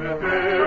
the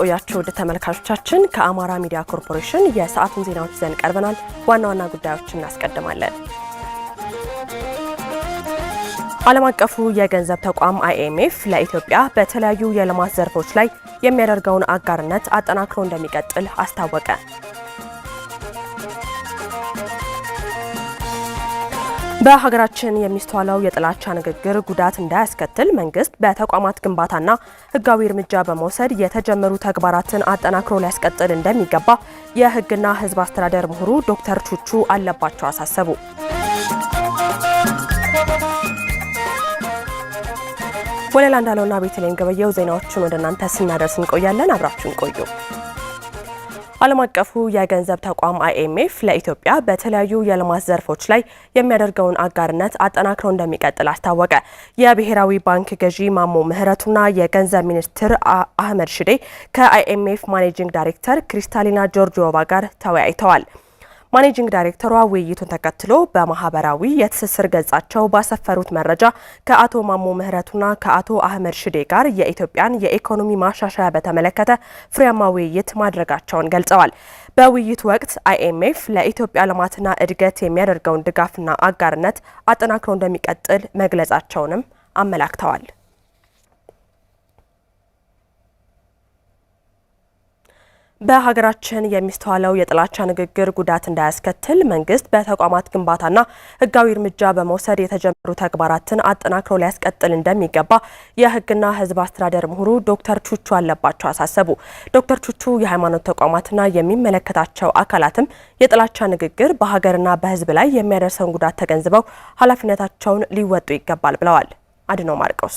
እንደምንቆያቸው ውድ ተመልካቾቻችን ከአማራ ሚዲያ ኮርፖሬሽን የሰዓቱን ዜናዎች ይዘን ቀርበናል። ዋና ዋና ጉዳዮችን እናስቀድማለን። ዓለም አቀፉ የገንዘብ ተቋም አይኤምኤፍ ለኢትዮጵያ በተለያዩ የልማት ዘርፎች ላይ የሚያደርገውን አጋርነት አጠናክሮ እንደሚቀጥል አስታወቀ። በሀገራችን የሚስተዋለው የጥላቻ ንግግር ጉዳት እንዳያስከትል መንግስት በተቋማት ግንባታና ህጋዊ እርምጃ በመውሰድ የተጀመሩ ተግባራትን አጠናክሮ ሊያስቀጥል እንደሚገባ የህግና ህዝብ አስተዳደር ምሁሩ ዶክተር ቹቹ አለባቸው አሳሰቡ። ወለላ እንዳለውና ቤተልሔም ገበየው ዜናዎቹን ወደ እናንተ ስናደርስ እንቆያለን። አብራችሁን ቆዩ። ዓለም አቀፉ የገንዘብ ተቋም አይኤምኤፍ ለኢትዮጵያ በተለያዩ የልማት ዘርፎች ላይ የሚያደርገውን አጋርነት አጠናክሮ እንደሚቀጥል አስታወቀ። የብሔራዊ ባንክ ገዢ ማሞ ምህረቱና የገንዘብ ሚኒስትር አህመድ ሽዴ ከአይኤምኤፍ ማኔጂንግ ዳይሬክተር ክሪስታሊና ጆርጂዮቫ ጋር ተወያይተዋል። ማኔጂንግ ዳይሬክተሯ ውይይቱን ተከትሎ በማህበራዊ የትስስር ገጻቸው ባሰፈሩት መረጃ ከአቶ ማሞ ምህረቱና ከአቶ አህመድ ሽዴ ጋር የኢትዮጵያን የኢኮኖሚ ማሻሻያ በተመለከተ ፍሬያማ ውይይት ማድረጋቸውን ገልጸዋል። በውይይቱ ወቅት አይኤምኤፍ ለኢትዮጵያ ልማትና እድገት የሚያደርገውን ድጋፍና አጋርነት አጠናክሮ እንደሚቀጥል መግለጻቸውንም አመላክተዋል። በሀገራችን የሚስተዋለው የጥላቻ ንግግር ጉዳት እንዳያስከትል መንግስት በተቋማት ግንባታና ህጋዊ እርምጃ በመውሰድ የተጀመሩ ተግባራትን አጠናክሮ ሊያስቀጥል እንደሚገባ የህግና ህዝብ አስተዳደር ምሁሩ ዶክተር ቹቹ አለባቸው አሳሰቡ። ዶክተር ቹቹ የሃይማኖት ተቋማትና የሚመለከታቸው አካላትም የጥላቻ ንግግር በሀገርና በህዝብ ላይ የሚያደርሰውን ጉዳት ተገንዝበው ኃላፊነታቸውን ሊወጡ ይገባል ብለዋል። አድነው ማርቆስ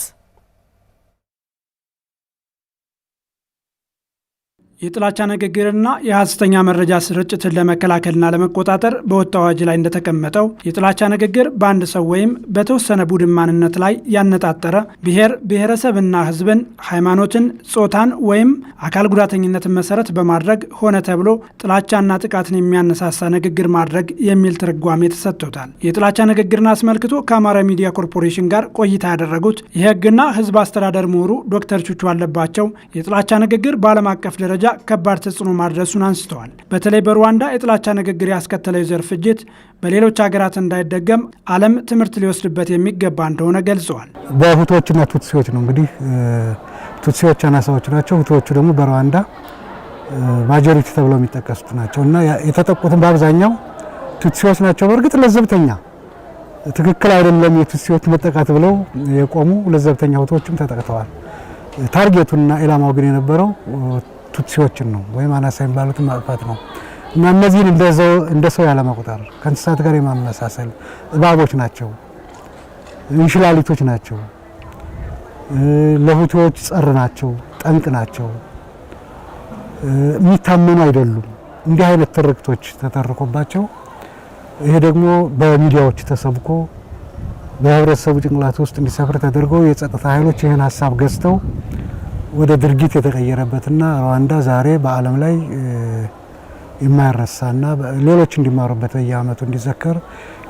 የጥላቻ ንግግርና የሐሰተኛ መረጃ ስርጭትን ለመከላከልና ለመቆጣጠር በወጣው አዋጅ ላይ እንደተቀመጠው የጥላቻ ንግግር በአንድ ሰው ወይም በተወሰነ ቡድን ማንነት ላይ ያነጣጠረ ብሔር ብሔረሰብና ሕዝብን፣ ሃይማኖትን፣ ጾታን ወይም አካል ጉዳተኝነትን መሰረት በማድረግ ሆነ ተብሎ ጥላቻና ጥቃትን የሚያነሳሳ ንግግር ማድረግ የሚል ትርጓሜ ተሰጥቶታል። የጥላቻ ንግግርን አስመልክቶ ከአማራ ሚዲያ ኮርፖሬሽን ጋር ቆይታ ያደረጉት የሕግና ሕዝብ አስተዳደር ምሁሩ ዶክተር ቹቹ አለባቸው የጥላቻ ንግግር በዓለም አቀፍ ደረጃ ከባድ ተጽዕኖ ማድረሱን አንስተዋል። በተለይ በሩዋንዳ የጥላቻ ንግግር ያስከተለው የዘር ፍጅት በሌሎች ሀገራት እንዳይደገም ዓለም ትምህርት ሊወስድበት የሚገባ እንደሆነ ገልጸዋል። በሁቶዎችና ቱትሲዎች ነው እንግዲህ ቱትሲዎች አናሳዎች ናቸው። ሁቶዎቹ ደግሞ በሩዋንዳ ማጆሪቲ ተብለው የሚጠቀሱት ናቸው እና የተጠቁትን በአብዛኛው ቱትሲዎች ናቸው። በእርግጥ ለዘብተኛ ትክክል አይደለም የቱትሲዎች መጠቃት ብለው የቆሙ ለዘብተኛ ሁቶዎችም ተጠቅተዋል። ታርጌቱና ኢላማው ግን የነበረው ቱትሲዎችን ነው ወይም አናሳ የሚባሉትን ማጥፋት ነው እና እነዚህን እንደ ሰው ያለመቁጠር ከእንስሳት ጋር የማመሳሰል እባቦች ናቸው፣ እንሽላሊቶች ናቸው፣ ለሁቲዎች ጸር ናቸው፣ ጠንቅ ናቸው፣ የሚታመኑ አይደሉም። እንዲህ አይነት ትርክቶች ተተርኮባቸው ይሄ ደግሞ በሚዲያዎች ተሰብኮ በህብረተሰቡ ጭንቅላት ውስጥ እንዲሰፍር ተደርገው የጸጥታ ኃይሎች ይህን ሀሳብ ገዝተው ወደ ድርጊት የተቀየረበትና ሩዋንዳ ዛሬ በዓለም ላይ የማይረሳና ሌሎች እንዲማሩበት በየዓመቱ እንዲዘከር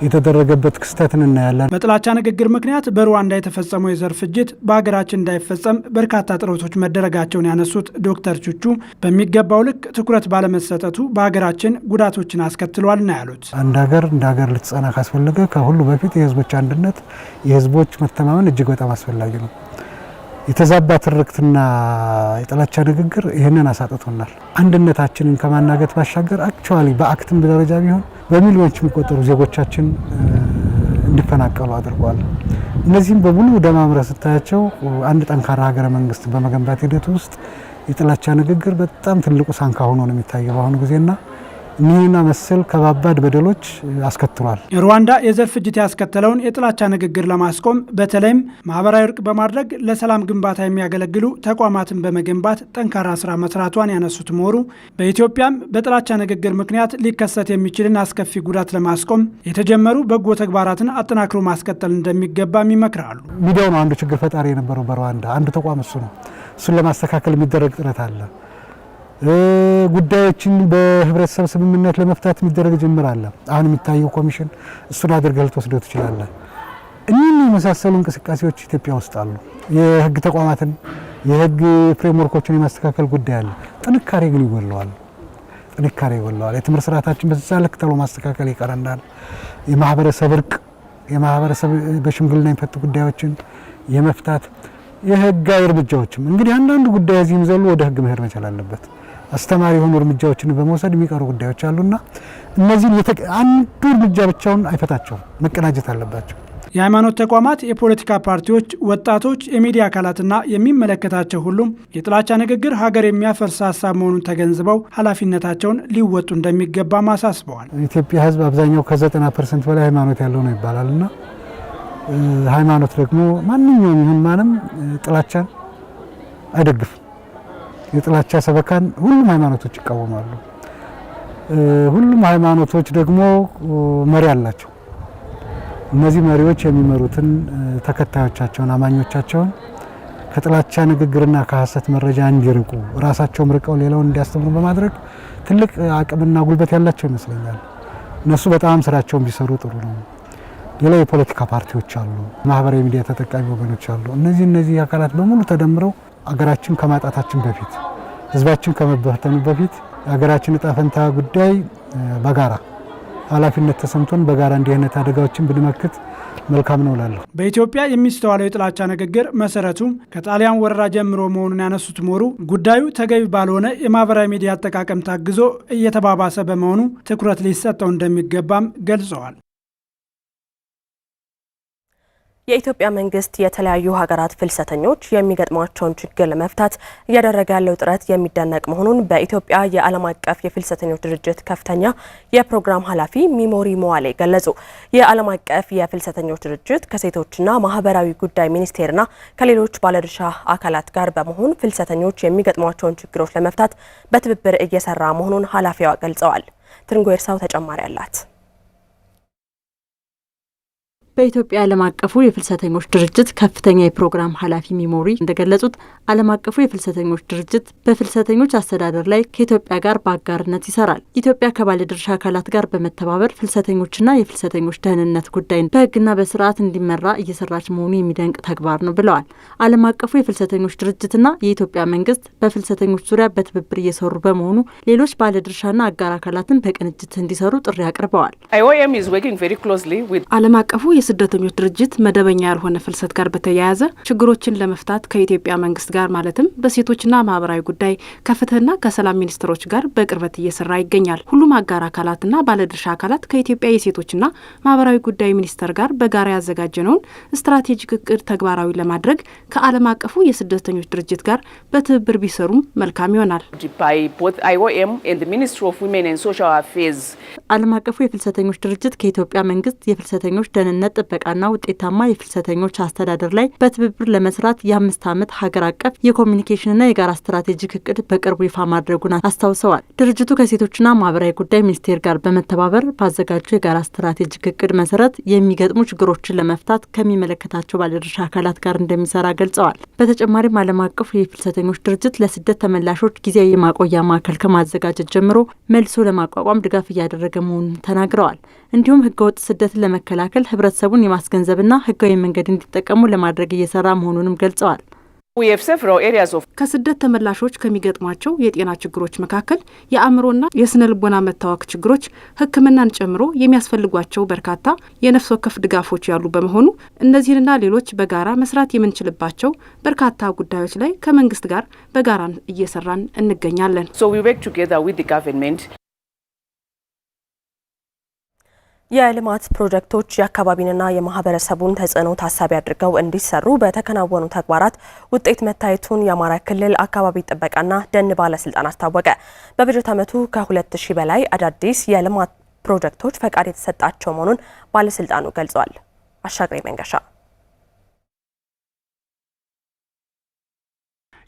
የተደረገበት ክስተትን እናያለን። በጥላቻ ንግግር ምክንያት በሩዋንዳ የተፈጸመው የዘር ፍጅት በሀገራችን እንዳይፈጸም በርካታ ጥረቶች መደረጋቸውን ያነሱት ዶክተር ቹቹ በሚገባው ልክ ትኩረት ባለመሰጠቱ በሀገራችን ጉዳቶችን አስከትሏል ነው ያሉት። አንድ ሀገር እንደ ሀገር ልትጸና ካስፈለገ ከሁሉ በፊት የህዝቦች አንድነት፣ የህዝቦች መተማመን እጅግ በጣም አስፈላጊ ነው። የተዛባ ትርክትና የጥላቻ ንግግር ይህንን አሳጥቶናል። አንድነታችንን ከማናገት ባሻገር አክቹዋሊ በአክትም ደረጃ ቢሆን በሚሊዮኖች የሚቆጠሩ ዜጎቻችን እንዲፈናቀሉ አድርጓል። እነዚህም በሙሉ ደማምረ ስታያቸው አንድ ጠንካራ ሀገረ መንግስት በመገንባት ሂደት ውስጥ የጥላቻ ንግግር በጣም ትልቁ ሳንካ ሆኖ ነው የሚታየው በአሁኑ ጊዜና እኒህና መሰል ከባባድ በደሎች አስከትሏል። ሩዋንዳ የዘር ፍጅት ያስከተለውን የጥላቻ ንግግር ለማስቆም በተለይም ማህበራዊ እርቅ በማድረግ ለሰላም ግንባታ የሚያገለግሉ ተቋማትን በመገንባት ጠንካራ ስራ መስራቷን ያነሱት ምሁሩ በኢትዮጵያም በጥላቻ ንግግር ምክንያት ሊከሰት የሚችልን አስከፊ ጉዳት ለማስቆም የተጀመሩ በጎ ተግባራትን አጠናክሮ ማስቀጠል እንደሚገባም ይመክራሉ። ሚዲያው ነው አንዱ ችግር ፈጣሪ የነበረው በሩዋንዳ አንዱ ተቋም እሱ ነው። እሱን ለማስተካከል የሚደረግ ጥረት አለ። ጉዳዮችን በህብረተሰብ ስምምነት ለመፍታት የሚደረግ ጅምር አለ። አሁን የሚታየው ኮሚሽን እሱን አድርገህ ልትወስደው ትችላለህ። እኒህ የመሳሰሉ እንቅስቃሴዎች ኢትዮጵያ ውስጥ አሉ። የህግ ተቋማትን የህግ ፍሬምወርኮችን የማስተካከል ጉዳይ አለ። ጥንካሬ ግን ይጎለዋል። ጥንካሬ ይጎለዋል። የትምህርት ስርዓታችን በዛ ልክ ተብሎ ማስተካከል ይቀረናል። የማህበረሰብ እርቅ፣ የማህበረሰብ በሽምግልና የሚፈቱ ጉዳዮችን የመፍታት የህጋዊ እርምጃዎችም እንግዲህ አንዳንድ ጉዳይ እዚህም ዘሎ ወደ ህግ መሄድ መቻል አለበት። አስተማሪ የሆኑ እርምጃዎችን በመውሰድ የሚቀሩ ጉዳዮች አሉና እነዚህን አንዱ እርምጃ ብቻውን አይፈታቸውም፣ መቀናጀት አለባቸው። የሃይማኖት ተቋማት፣ የፖለቲካ ፓርቲዎች፣ ወጣቶች፣ የሚዲያ አካላትና የሚመለከታቸው ሁሉም የጥላቻ ንግግር ሀገር የሚያፈርስ ሀሳብ መሆኑን ተገንዝበው ኃላፊነታቸውን ሊወጡ እንደሚገባም አሳስበዋል። ኢትዮጵያ ሕዝብ አብዛኛው ከዘጠና ፐርሰንት በላይ ሃይማኖት ያለው ነው ይባላልና ሃይማኖት ደግሞ ማንኛውም ይሁን ማንም ጥላቻን አይደግፍም። የጥላቻ ሰበካን ሁሉም ሃይማኖቶች ይቃወማሉ። ሁሉም ሃይማኖቶች ደግሞ መሪ አላቸው። እነዚህ መሪዎች የሚመሩትን ተከታዮቻቸውን፣ አማኞቻቸውን ከጥላቻ ንግግርና ከሀሰት መረጃ እንዲርቁ ራሳቸውም ርቀው ሌላውን እንዲያስተምሩ በማድረግ ትልቅ አቅምና ጉልበት ያላቸው ይመስለኛል። እነሱ በጣም ስራቸውን ቢሰሩ ጥሩ ነው። ሌላ የፖለቲካ ፓርቲዎች አሉ፣ ማህበራዊ ሚዲያ ተጠቃሚ ወገኖች አሉ። እነዚህ እነዚህ አካላት በሙሉ ተደምረው አገራችን ከማጣታችን በፊት ህዝባችን ከመበተኑ በፊት የሀገራችን እጣ ፈንታ ጉዳይ በጋራ ኃላፊነት ተሰምቶን በጋራ እንዲህ አይነት አደጋዎችን ብንመክት መልካም ነው እላለሁ። በኢትዮጵያ የሚስተዋለው የጥላቻ ንግግር መሰረቱ ከጣሊያን ወረራ ጀምሮ መሆኑን ያነሱት ሞሩ ጉዳዩ ተገቢ ባልሆነ የማህበራዊ ሚዲያ አጠቃቀም ታግዞ እየተባባሰ በመሆኑ ትኩረት ሊሰጠው እንደሚገባም ገልጸዋል። የኢትዮጵያ መንግስት የተለያዩ ሀገራት ፍልሰተኞች የሚገጥሟቸውን ችግር ለመፍታት እያደረገ ያለው ጥረት የሚደነቅ መሆኑን በኢትዮጵያ የዓለም አቀፍ የፍልሰተኞች ድርጅት ከፍተኛ የፕሮግራም ኃላፊ ሚሞሪ መዋሌ ገለጹ። የዓለም አቀፍ የፍልሰተኞች ድርጅት ከሴቶችና ማህበራዊ ጉዳይ ሚኒስቴርና ከሌሎች ባለድርሻ አካላት ጋር በመሆን ፍልሰተኞች የሚገጥሟቸውን ችግሮች ለመፍታት በትብብር እየሰራ መሆኑን ኃላፊዋ ገልጸዋል። ትንጎ ኤርሳው ተጨማሪ አላት። በኢትዮጵያ ዓለም አቀፉ የፍልሰተኞች ድርጅት ከፍተኛ የፕሮግራም ኃላፊ ሚሞሪ እንደገለጹት ዓለም አቀፉ የፍልሰተኞች ድርጅት በፍልሰተኞች አስተዳደር ላይ ከኢትዮጵያ ጋር በአጋርነት ይሰራል። ኢትዮጵያ ከባለድርሻ አካላት ጋር በመተባበር ፍልሰተኞችና የፍልሰተኞች ደህንነት ጉዳይ በሕግና በስርዓት እንዲመራ እየሰራች መሆኑ የሚደንቅ ተግባር ነው ብለዋል። ዓለም አቀፉ የፍልሰተኞች ድርጅትና የኢትዮጵያ መንግስት በፍልሰተኞች ዙሪያ በትብብር እየሰሩ በመሆኑ ሌሎች ባለድርሻና አጋር አካላትን በቅንጅት እንዲሰሩ ጥሪ አቅርበዋል። ዓለም አቀፉ የስደተኞች ድርጅት መደበኛ ያልሆነ ፍልሰት ጋር በተያያዘ ችግሮችን ለመፍታት ከኢትዮጵያ መንግስት ጋር ማለትም በሴቶችና ማህበራዊ ጉዳይ ከፍትህና ከሰላም ሚኒስትሮች ጋር በቅርበት እየሰራ ይገኛል። ሁሉም አጋር አካላትና ባለድርሻ አካላት ከኢትዮጵያ የሴቶችና ማህበራዊ ጉዳይ ሚኒስቴር ጋር በጋራ ያዘጋጀነውን ስትራቴጂክ እቅድ ተግባራዊ ለማድረግ ከዓለም አቀፉ የስደተኞች ድርጅት ጋር በትብብር ቢሰሩም መልካም ይሆናል። ዓለም አቀፉ የፍልሰተኞች ድርጅት ከኢትዮጵያ መንግስት የፍልሰተኞች ደህንነት ጥበቃና ውጤታማ የፍልሰተኞች አስተዳደር ላይ በትብብር ለመስራት የአምስት ዓመት ሀገር አቀፍ የኮሚኒኬሽንና የጋራ ስትራቴጂክ እቅድ በቅርቡ ይፋ ማድረጉን አስታውሰዋል። ድርጅቱ ከሴቶችና ማህበራዊ ጉዳይ ሚኒስቴር ጋር በመተባበር ባዘጋጀው የጋራ ስትራቴጂክ እቅድ መሰረት የሚገጥሙ ችግሮችን ለመፍታት ከሚመለከታቸው ባለድርሻ አካላት ጋር እንደሚሰራ ገልጸዋል። በተጨማሪም ዓለም አቀፉ የፍልሰተኞች ድርጅት ለስደት ተመላሾች ጊዜያዊ የማቆያ ማዕከል ከማዘጋጀት ጀምሮ መልሶ ለማቋቋም ድጋፍ እያደረገ መሆኑን ተናግረዋል። እንዲሁም ህገወጥ ስደትን ለመከላከል ህብረት ህብረተሰቡን የማስገንዘብና ህጋዊ መንገድ እንዲጠቀሙ ለማድረግ እየሰራ መሆኑንም ገልጸዋል። ከስደት ተመላሾች ከሚገጥሟቸው የጤና ችግሮች መካከል የአእምሮና የስነ ልቦና መታወክ ችግሮች ሕክምናን ጨምሮ የሚያስፈልጓቸው በርካታ የነፍስ ወከፍ ድጋፎች ያሉ በመሆኑ እነዚህንና ሌሎች በጋራ መስራት የምንችልባቸው በርካታ ጉዳዮች ላይ ከመንግስት ጋር በጋራ እየሰራን እንገኛለን። የልማት ፕሮጀክቶች የአካባቢንና የማህበረሰቡን ተጽዕኖ ታሳቢ አድርገው እንዲሰሩ በተከናወኑ ተግባራት ውጤት መታየቱን የአማራ ክልል አካባቢ ጥበቃና ደን ባለስልጣን አስታወቀ። በበጀት ዓመቱ ከ2000 በላይ አዳዲስ የልማት ፕሮጀክቶች ፈቃድ የተሰጣቸው መሆኑን ባለስልጣኑ ገልጿል። አሻግሬ መንገሻ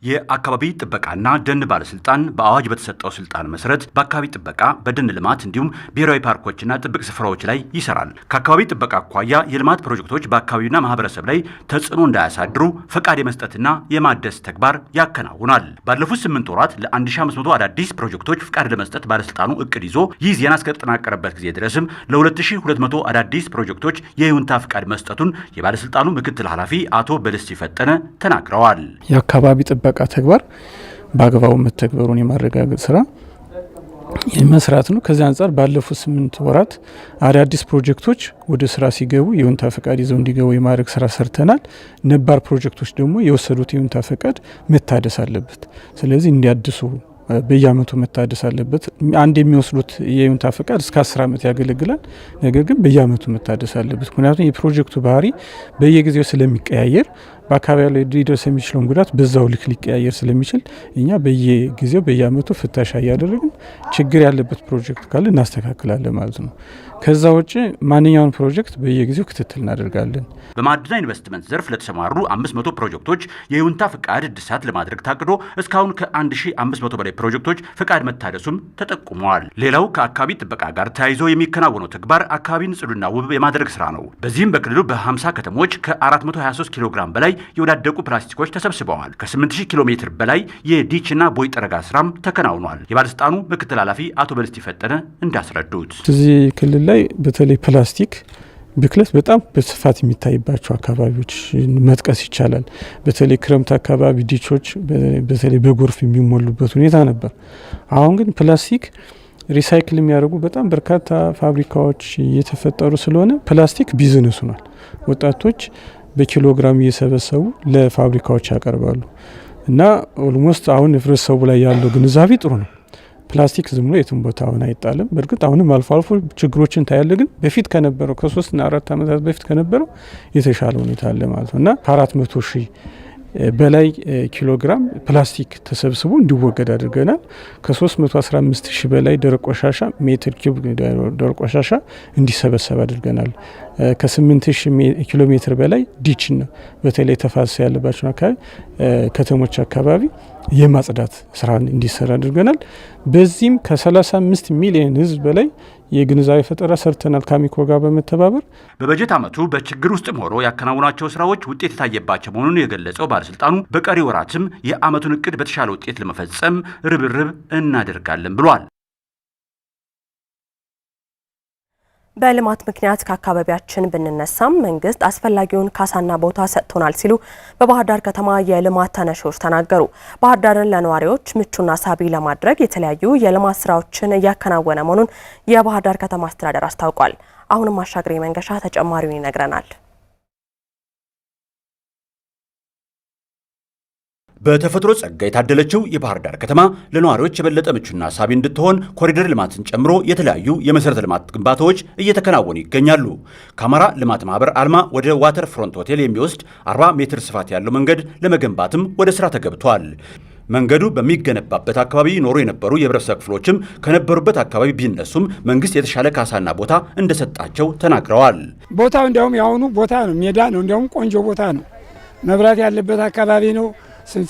የአካባቢ ጥበቃና ደን ባለስልጣን በአዋጅ በተሰጠው ስልጣን መሰረት በአካባቢ ጥበቃ፣ በደን ልማት እንዲሁም ብሔራዊ ፓርኮችና ጥብቅ ስፍራዎች ላይ ይሰራል። ከአካባቢ ጥበቃ አኳያ የልማት ፕሮጀክቶች በአካባቢና ማህበረሰብ ላይ ተጽዕኖ እንዳያሳድሩ ፈቃድ የመስጠትና የማደስ ተግባር ያከናውናል። ባለፉት ስምንት ወራት ለ1500 አዳዲስ ፕሮጀክቶች ፈቃድ ለመስጠት ባለስልጣኑ እቅድ ይዞ ይህ ዜና እስከተጠናቀረበት ጊዜ ድረስም ለ2200 አዳዲስ ፕሮጀክቶች የይሁንታ ፈቃድ መስጠቱን የባለስልጣኑ ምክትል ኃላፊ አቶ በልስ ሲፈጠነ ተናግረዋል። የአካባቢ ጥበቃ የጥበቃ ተግባር በአግባቡ መተግበሩን የማረጋገጥ ስራ መስራት ነው። ከዚህ አንጻር ባለፉት ስምንት ወራት አዳዲስ ፕሮጀክቶች ወደ ስራ ሲገቡ የይሁንታ ፈቃድ ይዘው እንዲገቡ የማድረግ ስራ ሰርተናል። ነባር ፕሮጀክቶች ደግሞ የወሰዱት የይሁንታ ፈቃድ መታደስ አለበት። ስለዚህ እንዲያድሱ በየአመቱ መታደስ አለበት። አንድ የሚወስዱት የይሁንታ ፈቃድ እስከ አስር ዓመት ያገለግላል። ነገር ግን በየአመቱ መታደስ አለበት። ምክንያቱም የፕሮጀክቱ ባህሪ በየጊዜው ስለሚቀያየር በአካባቢ ላይ ሊደርስ የሚችለውን ጉዳት በዛው ልክ ሊቀያየር ስለሚችል እኛ በየጊዜው በየአመቱ ፍተሻ እያደረግን ችግር ያለበት ፕሮጀክት ካለ እናስተካክላለን ማለት ነው። ከዛ ውጭ ማንኛውን ፕሮጀክት በየጊዜው ክትትል እናደርጋለን። በማዕድና ኢንቨስትመንት ዘርፍ ለተሰማሩ 500 ፕሮጀክቶች የይሁንታ ፍቃድ እድሳት ለማድረግ ታቅዶ እስካሁን ከ1500 በላይ ፕሮጀክቶች ፍቃድ መታደሱም ተጠቁመዋል። ሌላው ከአካባቢ ጥበቃ ጋር ተያይዞ የሚከናወነው ተግባር አካባቢን ጽዱና ውብ የማድረግ ስራ ነው። በዚህም በክልሉ በ50 ከተሞች ከ423 ኪሎ ግራም በላይ ላይ የወዳደቁ ፕላስቲኮች ተሰብስበዋል። ከ8000 ኪሎ ሜትር በላይ የዲችና ቦይ ጠረጋ ስራም ተከናውኗል። የባለስልጣኑ ምክትል ኃላፊ አቶ በልስቲ ፈጠነ እንዳስረዱት እዚህ ክልል ላይ በተለይ ፕላስቲክ ብክለት በጣም በስፋት የሚታይባቸው አካባቢዎች መጥቀስ ይቻላል። በተለይ ክረምት አካባቢ ዲቾች በተለይ በጎርፍ የሚሞሉበት ሁኔታ ነበር። አሁን ግን ፕላስቲክ ሪሳይክል የሚያደርጉ በጣም በርካታ ፋብሪካዎች እየተፈጠሩ ስለሆነ ፕላስቲክ ቢዝነስ ሆኗል። ወጣቶች በኪሎግራም እየሰበሰቡ ለፋብሪካዎች ያቀርባሉ እና ኦልሞስት አሁን ህብረተሰቡ ላይ ያለው ግንዛቤ ጥሩ ነው። ፕላስቲክ ዝም ብሎ የትም ቦታ አሁን አይጣልም። በእርግጥ አሁንም አልፎ አልፎ ችግሮችን ታያለ፣ ግን በፊት ከነበረው ከሶስትና አራት ዓመታት በፊት ከነበረው የተሻለ ሁኔታ አለ ማለት ነው እና ከአራት መቶ ሺህ በላይ ኪሎግራም ፕላስቲክ ተሰብስቦ እንዲወገድ አድርገናል። ከ315 ሺህ በላይ ደረቅ ቆሻሻ ሜትር ኪዩብ ደረቅ ቆሻሻ እንዲሰበሰብ አድርገናል። ከ8000 ኪሎ ሜትር በላይ ዲችን በተለይ ተፋሰስ ያለባቸው አካባቢ ከተሞች አካባቢ የማጽዳት ስራ እንዲሰራ አድርገናል። በዚህም ከ35 ሚሊዮን ህዝብ በላይ የግንዛቤ ፈጠራ ሰርተናል ካሚኮ ጋር በመተባበር። በበጀት ዓመቱ በችግር ውስጥም ሆኖ ያከናውናቸው ስራዎች ውጤት የታየባቸው መሆኑን የገለጸው ባለስልጣኑ በቀሪ ወራትም የዓመቱን እቅድ በተሻለ ውጤት ለመፈጸም ርብርብ እናደርጋለን ብሏል። በልማት ምክንያት ከአካባቢያችን ብንነሳም መንግስት አስፈላጊውን ካሳና ቦታ ሰጥቶናል ሲሉ በባህር ዳር ከተማ የልማት ተነሺዎች ተናገሩ። ባህር ዳርን ለነዋሪዎች ምቹና ሳቢ ለማድረግ የተለያዩ የልማት ስራዎችን እያከናወነ መሆኑን የባህር ዳር ከተማ አስተዳደር አስታውቋል። አሁንም አሻግሬ መንገሻ ተጨማሪውን ይነግረናል። በተፈጥሮ ጸጋ የታደለችው የባህር ዳር ከተማ ለነዋሪዎች የበለጠ ምቹና ሳቢ እንድትሆን ኮሪደር ልማትን ጨምሮ የተለያዩ የመሰረተ ልማት ግንባታዎች እየተከናወኑ ይገኛሉ። ከአማራ ልማት ማህበር አልማ ወደ ዋተር ፍሮንት ሆቴል የሚወስድ 40 ሜትር ስፋት ያለው መንገድ ለመገንባትም ወደ ስራ ተገብቷል። መንገዱ በሚገነባበት አካባቢ ኖሮ የነበሩ የህብረተሰብ ክፍሎችም ከነበሩበት አካባቢ ቢነሱም መንግስት የተሻለ ካሳና ቦታ እንደሰጣቸው ተናግረዋል። ቦታው እንዲያውም የአሁኑ ቦታ ነው፣ ሜዳ ነው። እንዲያውም ቆንጆ ቦታ ነው። መብራት ያለበት አካባቢ ነው።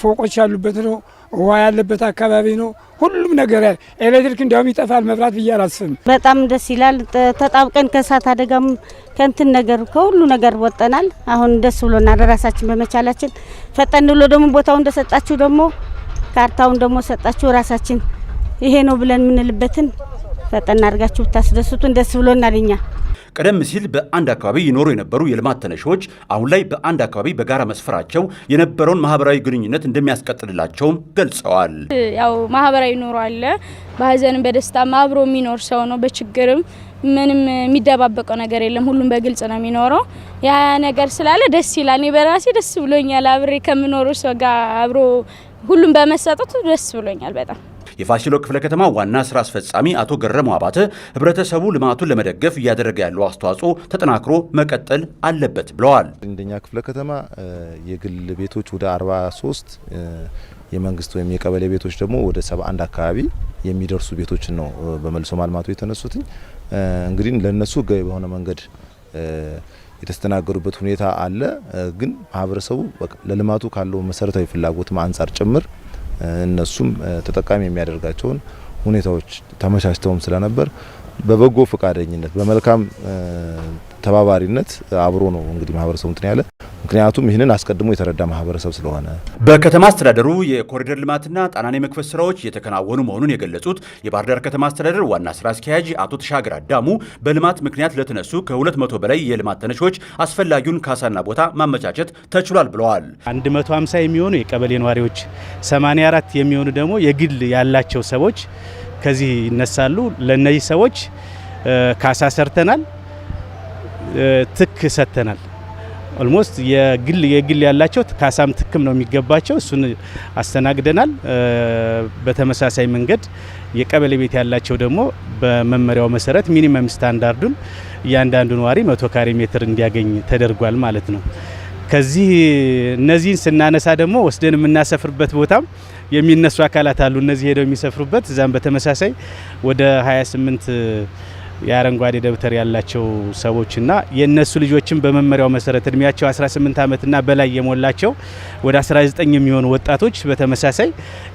ፎቆች ያሉበት ነው። ውሃ ያለበት አካባቢ ነው። ሁሉም ነገር ኤሌክትሪክ እንዲያውም ይጠፋል መብራት ብዬ አላስብም። በጣም ደስ ይላል። ተጣብቀን ከእሳት አደጋም ከእንትን ነገር ከሁሉ ነገር ወጠናል። አሁን ደስ ብሎናል ራሳችን በመቻላችን። ፈጠን ብሎ ደግሞ ቦታው እንደሰጣችሁ ደግሞ ካርታውን ደግሞ ሰጣችሁ ራሳችን ይሄ ነው ብለን የምንልበትን ፈጠን አድርጋችሁ ብታስደስቱን ደስ ብሎናል እኛ ቀደም ሲል በአንድ አካባቢ ይኖሩ የነበሩ የልማት ተነሺዎች አሁን ላይ በአንድ አካባቢ በጋራ መስፈራቸው የነበረውን ማህበራዊ ግንኙነት እንደሚያስቀጥልላቸውም ገልጸዋል። ያው ማህበራዊ ኑሮ አለ። በሀዘንም በደስታም አብሮ የሚኖር ሰው ነው። በችግርም ምንም የሚደባበቀው ነገር የለም። ሁሉም በግልጽ ነው የሚኖረው። ያ ነገር ስላለ ደስ ይላል። እኔ በራሴ ደስ ብሎኛል። አብሬ ከምኖረው ሰው ጋር አብሮ ሁሉም በመሰጠቱ ደስ ብሎኛል በጣም የፋሲሎ ክፍለ ከተማ ዋና ስራ አስፈጻሚ አቶ ገረሙ አባተ ህብረተሰቡ ልማቱን ለመደገፍ እያደረገ ያለው አስተዋጽኦ ተጠናክሮ መቀጠል አለበት ብለዋል። እንደኛ ክፍለ ከተማ የግል ቤቶች ወደ 43 የመንግስት ወይም የቀበሌ ቤቶች ደግሞ ወደ 71 አካባቢ የሚደርሱ ቤቶችን ነው በመልሶ ማልማቱ የተነሱትኝ። እንግዲህ ለነሱ ህጋዊ በሆነ መንገድ የተስተናገዱበት ሁኔታ አለ። ግን ማህበረሰቡ ለልማቱ ካለው መሰረታዊ ፍላጎትም አንጻር ጭምር እነሱም ተጠቃሚ የሚያደርጋቸውን ሁኔታዎች ተመቻችተውም ስለነበር በበጎ ፈቃደኝነት በመልካም ተባባሪነት አብሮ ነው እንግዲህ ማህበረሰቡ እንትን ያለ ምክንያቱም ይህንን አስቀድሞ የተረዳ ማህበረሰብ ስለሆነ። በከተማ አስተዳደሩ የኮሪደር ልማትና ጣናን የመክፈት ስራዎች እየተከናወኑ መሆኑን የገለጹት የባህር ዳር ከተማ አስተዳደር ዋና ስራ አስኪያጅ አቶ ተሻገር አዳሙ በልማት ምክንያት ለተነሱ ከ200 በላይ የልማት ተነሾች አስፈላጊውን ካሳና ቦታ ማመቻቸት ተችሏል ብለዋል። 150 የሚሆኑ የቀበሌ ነዋሪዎች፣ 84 የሚሆኑ ደግሞ የግል ያላቸው ሰዎች ከዚህ ይነሳሉ። ለእነዚህ ሰዎች ካሳ ሰርተናል፣ ትክ ሰጥተናል። ኦልሞስት የግል የግል ያላቸው ካሳም ትክም ነው የሚገባቸው። እሱን አስተናግደናል። በተመሳሳይ መንገድ የቀበሌ ቤት ያላቸው ደግሞ በመመሪያው መሰረት ሚኒመም ስታንዳርዱን እያንዳንዱ ነዋሪ መቶ ካሬ ሜትር እንዲያገኝ ተደርጓል ማለት ነው። ከዚህ እነዚህን ስናነሳ ደግሞ ወስደን የምናሰፍርበት ቦታም የሚነሱ አካላት አሉ። እነዚህ ሄደው የሚሰፍሩበት እዛም በተመሳሳይ ወደ 28 የአረንጓዴ ደብተር ያላቸው ሰዎችና የእነሱ ልጆችን በመመሪያው መሰረት እድሜያቸው 18 ዓመትና በላይ የሞላቸው ወደ 19 የሚሆኑ ወጣቶች በተመሳሳይ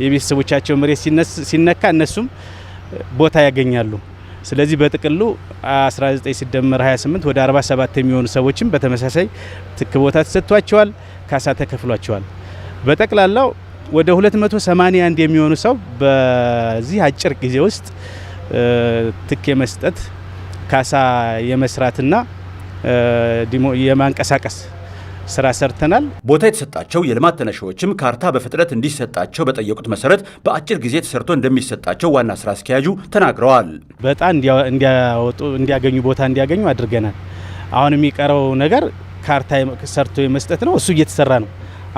የቤተሰቦቻቸው መሬት ሲነካ እነሱም ቦታ ያገኛሉ። ስለዚህ በጥቅሉ 19 ሲደመር 28 ወደ 47 የሚሆኑ ሰዎችም በተመሳሳይ ትክ ቦታ ተሰጥቷቸዋል፣ ካሳ ተከፍሏቸዋል። በጠቅላላው ወደ 281 የሚሆኑ ሰው በዚህ አጭር ጊዜ ውስጥ ትክ የመስጠት ካሳ የመስራትና የማንቀሳቀስ ስራ ሰርተናል። ቦታ የተሰጣቸው የልማት ተነሻዎችም ካርታ በፍጥነት እንዲሰጣቸው በጠየቁት መሰረት በአጭር ጊዜ ተሰርቶ እንደሚሰጣቸው ዋና ስራ አስኪያጁ ተናግረዋል። በጣም እንዲያገኙ ቦታ እንዲያገኙ አድርገናል። አሁን የሚቀረው ነገር ካርታ ሰርቶ የመስጠት ነው። እሱ እየተሰራ ነው።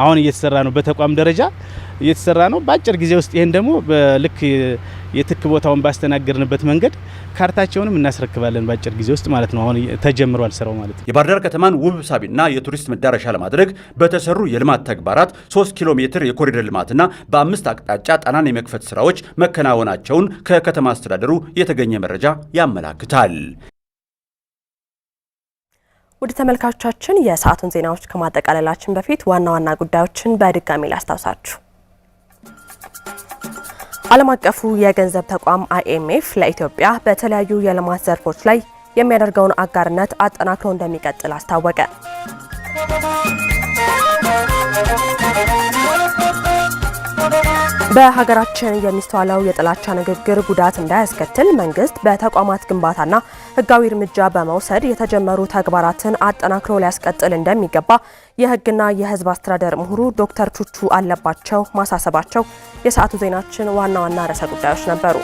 አሁን እየተሰራ ነው። በተቋም ደረጃ እየተሰራ ነው። በአጭር ጊዜ ውስጥ ይህን ደግሞ ልክ የትክ ቦታውን ባስተናገርንበት መንገድ ካርታቸውንም እናስረክባለን በአጭር ጊዜ ውስጥ ማለት ነው። አሁን ተጀምሯል ስራው ማለት ነው። የባህር ዳር ከተማን ውብ ሳቢና የቱሪስት መዳረሻ ለማድረግ በተሰሩ የልማት ተግባራት ሶስት ኪሎ ሜትር የኮሪደር ልማትና በአምስት አቅጣጫ ጣናን የመክፈት ስራዎች መከናወናቸውን ከከተማ አስተዳደሩ የተገኘ መረጃ ያመላክታል። ውድ ተመልካቾቻችን የሰዓቱን ዜናዎች ከማጠቃለላችን በፊት ዋና ዋና ጉዳዮችን በድጋሚ ላስታውሳችሁ። ዓለም አቀፉ የገንዘብ ተቋም አይኤምኤፍ ለኢትዮጵያ በተለያዩ የልማት ዘርፎች ላይ የሚያደርገውን አጋርነት አጠናክሮ እንደሚቀጥል አስታወቀ። በሀገራችን የሚስተዋለው የጥላቻ ንግግር ጉዳት እንዳያስከትል መንግስት በተቋማት ግንባታና ህጋዊ እርምጃ በመውሰድ የተጀመሩ ተግባራትን አጠናክሮ ሊያስቀጥል እንደሚገባ የህግና የህዝብ አስተዳደር ምሁሩ ዶክተር ቹቹ አለባቸው ማሳሰባቸው የሰዓቱ ዜናችን ዋና ዋና ርዕሰ ጉዳዮች ነበሩ።